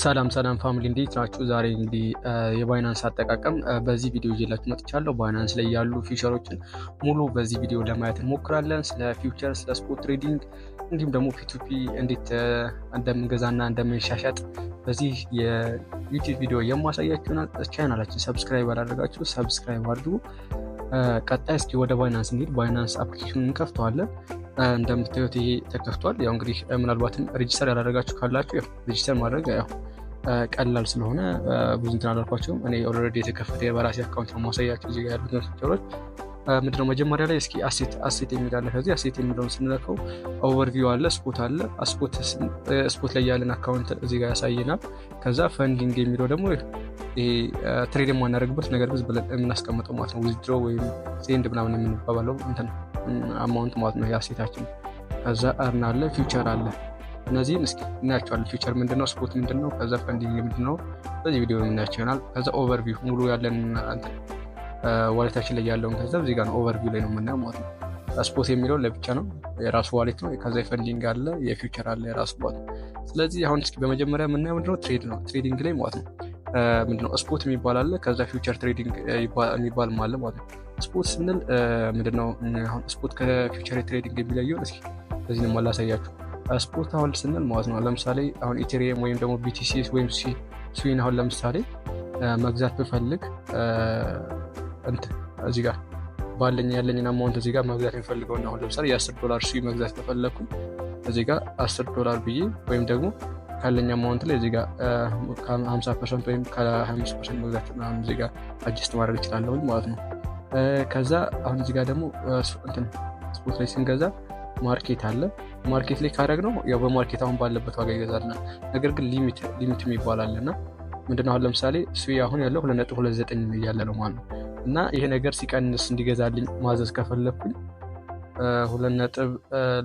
ሰላም ሰላም ፋሚሊ እንዴት ናችሁ? ዛሬ እንግዲህ የባይናንስ አጠቃቀም በዚህ ቪዲዮ ይዤላችሁ መጥቻለሁ። ባይናንስ ላይ ያሉ ፊቸሮችን ሙሉ በዚህ ቪዲዮ ለማየት እንሞክራለን። ስለ ፊውቸር፣ ስለ ስፖርት ትሬዲንግ እንዲሁም ደግሞ ፒቱፒ እንዴት እንደምንገዛና እንደምንሻሸጥ በዚህ የዩቲዩብ ቪዲዮ የማሳያችሁና ቻናላችን ሰብስክራይብ አላደረጋችሁ ሰብስክራይብ አድርጉ። ቀጣይ እስኪ ወደ ባይናንስ እንሂድ። ባይናንስ አፕሊኬሽን እንከፍተዋለን። እንደምታዩት ይሄ ተከፍቷል። ያው እንግዲህ ምናልባትም ሬጅስተር ያላደረጋችሁ ካላችሁ ሬጅስተር ማድረግ ያው ቀላል ስለሆነ ብዙ እንትን አላልኳቸውም። እኔ ኦልሬዲ የተከፈተ የበራሴ አካውንት ነው ማሳያቸው ዜጋ ያሉት ምንድነው መጀመሪያ ላይ እስኪ አሴት አሴት የሚላለ ከዚህ አሴት የሚለውን ስንለፈው ኦቨርቪው አለ፣ ስፖት አለ። ስፖት ላይ ያለን አካውንት እዚህ ጋር ያሳየናል። ከዛ ፈንዲንግ የሚለው ደግሞ ትሬድ የማናደርግበት ነገር ግን ብለን የምናስቀምጠው ማለት ነው። ዊዝድሮ ወይም ዜንድ ምናምን የምንባባለው እንትን አማውንት ማለት ነው። የአሴታችን ከዛ እርን አለ፣ ፊውቸር አለ። እነዚህን እስኪ እናያቸዋለን። ፊውቸር ምንድነው? ስፖት ምንድነው? ከዛ ፈንዲንግ ምንድነው? በዚህ ቪዲዮ የምናያቸው ይሆናል። ከዛ ኦቨርቪው ሙሉ ያለን ዋሌታችን ላይ ያለውን ገንዘብ እዚጋ ነው ኦቨርቪው ላይ ነው የምናየው ማለት ነው። ስፖት የሚለው ለብቻ ነው የራሱ ዋሌት ነው። ከዛ የፈንዲንግ አለ፣ የፊውቸር አለ የራሱ ማለት ስለዚህ አሁን እስኪ በመጀመሪያ የምናየው ምንድነው ትሬድ ነው ትሬዲንግ ላይ ማለት ነው። ምንድነው ስፖት የሚባል አለ፣ ከዛ ፊቸር ትሬዲንግ የሚባል አለ ማለት ነው። ስፖት ስንል ምንድነው? አሁን ስፖት ከፊቸር ትሬዲንግ የሚለየውን እስኪ በዚህ ነው ማላሳያችሁ። ስፖት አሁን ስንል ማለት ነው ለምሳሌ አሁን ኢትሪየም ወይም ደግሞ ቢቲሲ ወይም ስዊን አሁን ለምሳሌ መግዛት ብፈልግ እዚህ ጋር ባለኝ ያለኝን አማውንት እዚህ ጋር መግዛት የሚፈልገውን አሁን ለምሳሌ የአስር ዶላር ሺ መግዛት ከፈለግኩ እዚህ ጋር አስር ዶላር ብዬ ወይም ደግሞ ካለኝ አማውንት ላይ እዚህ ጋር ከሀምሳ ፐርሰንት ወይም ከሀያአምስት ፐርሰንት መግዛት ምናምን እዚህ ጋር ማድረግ እችላለሁ ማለት ነው። ከዛ አሁን እዚህ ጋር ደግሞ ስፖርት ላይ ስንገዛ ማርኬት አለ። ማርኬት ላይ ካደረግ ነው ያው በማርኬት አሁን ባለበት ዋጋ ይገዛልና ነገር ግን ሊሚት ሊሚትም ይባላል እና ምንድን አሁን ለምሳሌ ስዊ አሁን ያለው ሁለት ነጥብ ሁለት ዘጠኝ እያለ ነው ማለት ነው እና ይሄ ነገር ሲቀንስ እንዲገዛልኝ ማዘዝ ከፈለኩኝ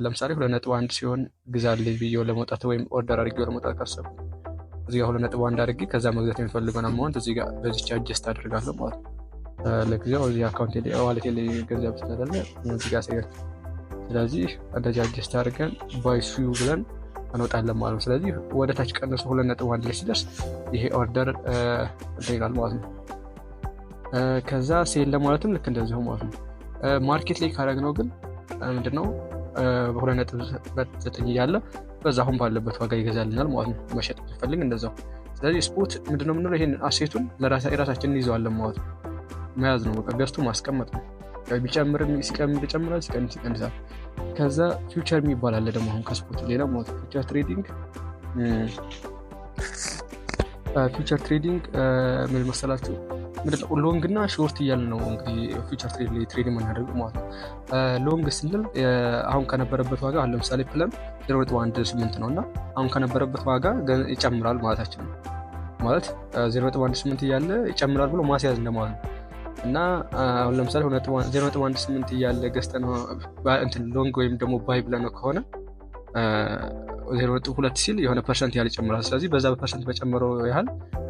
ለምሳሌ ሁለት ነጥብ አንድ ሲሆን ግዛልኝ ብዬው ለመውጣት ወይም ኦርደር አድርጌው ለመውጣት ካሰብኩ እዚ ጋር ሁለት ነጥብ አንድ አድርጌ ከዛ መግዛት የሚፈልገውን አማውንት እዚህ ጋር በዚች አጀስት አድርጋለሁ ማለት ነው። ለጊዜው እዚ አካውንት ዋሌት ላይ ገንዘብ ስላለ እዚህ ጋር አሳያችሁ። ስለዚህ እንደዚህ አጀስት አድርገን ባይሱ ብለን እንወጣለን ማለት ነው። ስለዚህ ወደ ታች ቀንሶ ሁለት ነጥብ አንድ ላይ ሲደርስ ይሄ ኦርደር ይላል ማለት ነው። ከዛ ሴል ለማለትም ልክ እንደዚሁ ማለት ነው። ማርኬት ላይ ነው ግን ምንድነው በሁለት ነጥብ ዘጠኝ እያለ በዛ አሁን ባለበት ዋጋ ይገዛልናል ማለት ነው። መሸጥ ፈልግ እንደዛው። ስለዚህ ስፖርት ምንድነው የምንለው ይህን አሴቱን የራሳችንን ይዘዋለን ማለት ነው። መያዝ ነው በቃ ገዝቶ ማስቀመጥ ነው። ቢጨምርም ይጨምራል፣ ሲቀንስ ይቀንሳል። ከዛ ፊውቸር የሚባል አለ ደግሞ አሁን ከስፖርት ሌላ ማለት ነው ፊውቸር ትሬዲንግ ፊውቸር ትሬዲንግ ምን መሰላችሁ ሎንግ እና ሾርት እያል ነው እንግዲህ ፊውቸር ትሬድ ላይ ማለት ነው። ሎንግ ስንል አሁን ከነበረበት ዋጋ አሁን ለምሳሌ ፕለም ዜሮ ነጥብ አንድ ስምንት ነው እና አሁን ከነበረበት ዋጋ ይጨምራል ማለታችን ነው። ማለት ዜሮ ነጥብ አንድ ስምንት እያለ ይጨምራል ብሎ ማስያዝ እንደማለት ነው። እና አሁን ለምሳሌ ዜሮ ነጥብ አንድ ስምንት እያለ ገዝተን ሎንግ ወይም ደግሞ ባይ ብለነው ከሆነ ሁለት ሲል የሆነ ፐርሰንት ያህል ይጨምራል። ስለዚህ በዛ በፐርሰንት በጨመረው ያህል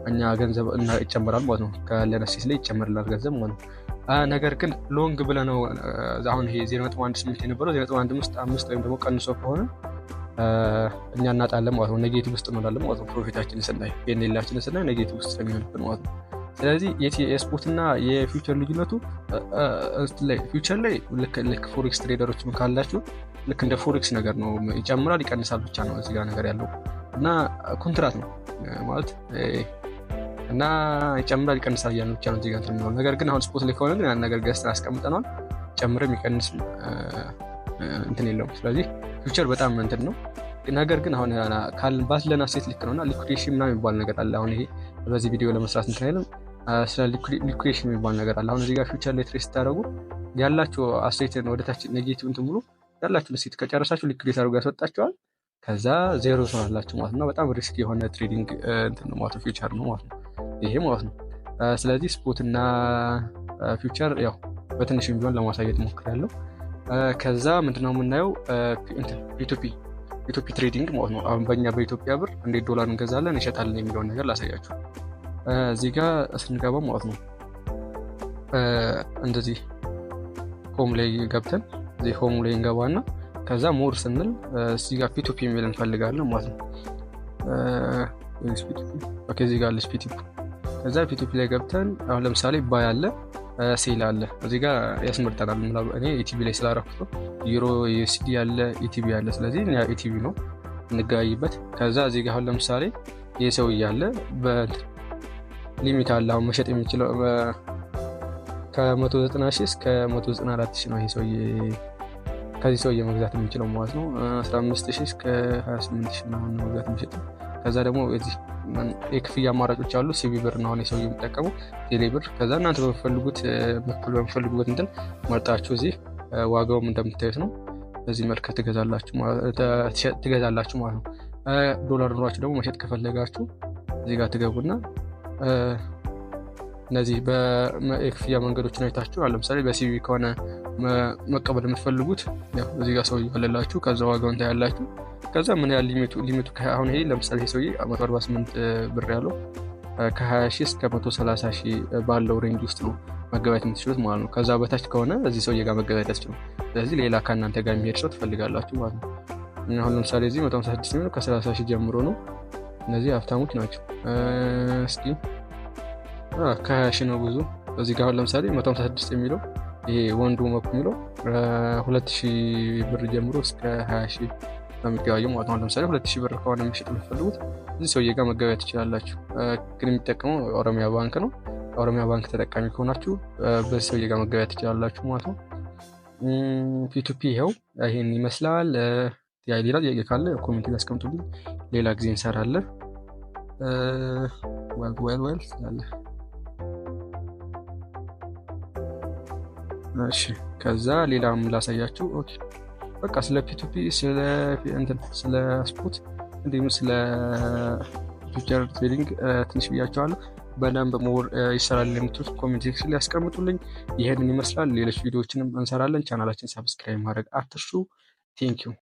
እኛ ገንዘብ ይጨምራል ማለት ነው። ከለነሲስ ላይ ይጨምርላል ገንዘብ ማለት ነው። ነገር ግን ሎንግ ብለህ ነው አሁን ይሄ ዜሮ ነጥብ አንድ ስምንት የነበረው ዜሮ ነጥብ አንድ አምስት ወይም ደግሞ ቀንሶ ከሆነ እኛ እናጣለን ማለት ነው። ኔጌቲቭ ውስጥ እንሆናለን ማለት ነው። ፕሮፊታችን ስናይ ሌላችንን ስናይ ኔጌቲቭ ውስጥ ስለሚሆንብን ማለት ነው። ስለዚህ የስፖርት የስፖርትና የፊውቸር ልዩነቱ ፊውቸር ላይ ልክ ፎሬክስ ትሬደሮችም ካላችሁ ልክ እንደ ፎሬክስ ነገር ነው። ይጨምራል ይቀንሳል ብቻ ነው እዚጋ ነገር ያለው እና ኮንትራት ነው ማለት እና ይጨምራል ይቀንሳል እያለ ብቻ ነው ዜጋ የሚሆ ነገር ግን አሁን ስፖት ላይ ከሆነ ግን ያን ነገር ገዝተን አስቀምጠነዋል። ጨምርም ይቀንስ እንትን የለውም። ስለዚህ ፊቸር በጣም እንትን ነው። ነገር ግን አሁን ባለን አሴት ልክ ነውና ሊኩዴሽን ምና የሚባል ነገር አለ። አሁን ይሄ በዚህ ቪዲዮ ለመስራት እንትን አይልም። ስለ ሊኩዴሽን የሚባል ነገር አለ። አሁን እዚህ ፊቸር ላይ ትሬስ ስታደረጉ ያላቸው አሴትን ወደታች ኔጌቲቭ እንትን ብሎ ያላችሁ እሴት ከጨረሳችሁ ሊኩዴት አድርጎ ያስወጣችኋል። ከዛ ዜሮ ትሆናላችሁ ማለት ነው። በጣም ሪስክ የሆነ ትሬዲንግ ማለት ፊውቸር ነው ማለት ነው ይሄ ማለት ነው። ስለዚህ ስፖት እና ፊውቸር ያው በትንሽም ቢሆን ለማሳየት ሞክሬያለሁ። ከዛ ምንድነው የምናየው ፒቱፒ ፒቱፒ ትሬዲንግ ማለት ነው። አሁን በእኛ በኢትዮጵያ ብር እንዴት ዶላር እንገዛለን እንሸጣለን የሚለውን ነገር ላሳያችሁ። እዚህ ጋር ስንገባ ማለት ነው እንደዚህ ኮም ላይ ገብተን እዚህ ሆሙ ላይ እንገባና ከዛ ሞር ስንል እዚጋ ጋር ፒቱፒ የሚል እንፈልጋለን ማለት ነው። እዚህ አለች ፒቱፒ። ከዛ ፒቱፒ ላይ ገብተን አሁን ለምሳሌ ባይ አለ ሴል አለ እዚ ጋ ያስመርጠናል። እኔ ኢቲቪ ላይ ስላረኩት ነው። ዩሮ ያለ ኢቲቪ አለ። ስለዚህ ኢቲቪ ነው እንገያይበት። ከዛ እዚ ጋ አሁን ለምሳሌ የሰው እያለ ሊሚት አለ። አሁን መሸጥ የሚችለው ከ190 እስከ 194 ነው ይህ ሰውዬ ከዚህ ሰውዬ መግዛት የሚችለው ማለት ነው። 15 እስከ 28 ምናምን መግዛት የሚችል ከዛ ደግሞ እዚህ የክፍያ አማራጮች አሉ። ሲቢ ብር ነው አሁን የሚጠቀሙ ቴሌ ብር። ከዛ እናንተ በምፈልጉት መክፈል በምፈልጉበት እንትን መርጣችሁ እዚህ ዋጋውም እንደምታዩት ነው። በዚህ መልክ ትገዛላችሁ ማለት ነው። ዶላር ኑሯችሁ ደግሞ መሸጥ ከፈለጋችሁ እዚህ ጋር ትገቡና እነዚህ የክፍያ መንገዶችን አይታችሁ ለምሳሌ በሲቪ ከሆነ መቀበል የምትፈልጉት እዚህ ጋር ሰው ይበለላችሁ ከዛ እንታ ያላችሁ። ከዛ ምን ያህል ሊሚቱ አሁን ይሄ ለምሳሌ ሰውዬ 148 ብር ያለው ከ20 እስከ 130 ሺህ ባለው ሬንጅ ውስጥ ነው መገበያየት የምትችሉት ማለት ነው። ከዛ በታች ከሆነ እዚህ ሰውዬ ጋር መገበያየት ያስችሉ ስለዚህ ሌላ ከእናንተ ጋር የሚሄድ ሰው ትፈልጋላችሁ ማለት ነው። አሁን ለምሳሌ እዚህ 16 የሚለው ከ30 ጀምሮ ነው። እነዚህ ሀብታሞች ናቸው። እስኪ ከ20 ነው ብዙ እዚህ ጋር አሁን ለምሳሌ 16 የሚለው ይሄ ወንዱ መኩ የሚለው ሁለት ሺህ ብር ጀምሮ እስከ ሀያ ሺ በሚገባየው ማለት ነው። ለምሳሌ ሁለት ሺ ብር ከሆነ መሸጥ የምትፈልጉት እዚህ ሰውዬ ጋር መገበያ ትችላላችሁ። ግን የሚጠቀመው ኦሮሚያ ባንክ ነው። ኦሮሚያ ባንክ ተጠቃሚ ከሆናችሁ በዚህ ሰውዬ ጋር መገበያ ትችላላችሁ ማለት ነው። ፒቱፒ ይኸው ይሄን ይመስላል። ሌላ ጥያቄ ካለ ኮሜንት ላይ ሌላ ጊዜ እንሰራለን። ወል ወል ወል እሺ ከዛ ሌላም ላሳያችሁ። ኦኬ በቃ ስለ ፒቱፒ ስለ እንትን ስለ ስፖት እንዲሁም ስለ ፊውቸር ትሬዲንግ ትንሽ ብያቸዋለሁ። በደንብ ሞር ይሰራል የምትሉት ኮሚኒቲ ሴክሽን ያስቀምጡልኝ። ይህንን ይመስላል። ሌሎች ቪዲዮዎችንም እንሰራለን። ቻናላችን ሰብስክራይብ ማድረግ አትርሱ። ቴንኪዩ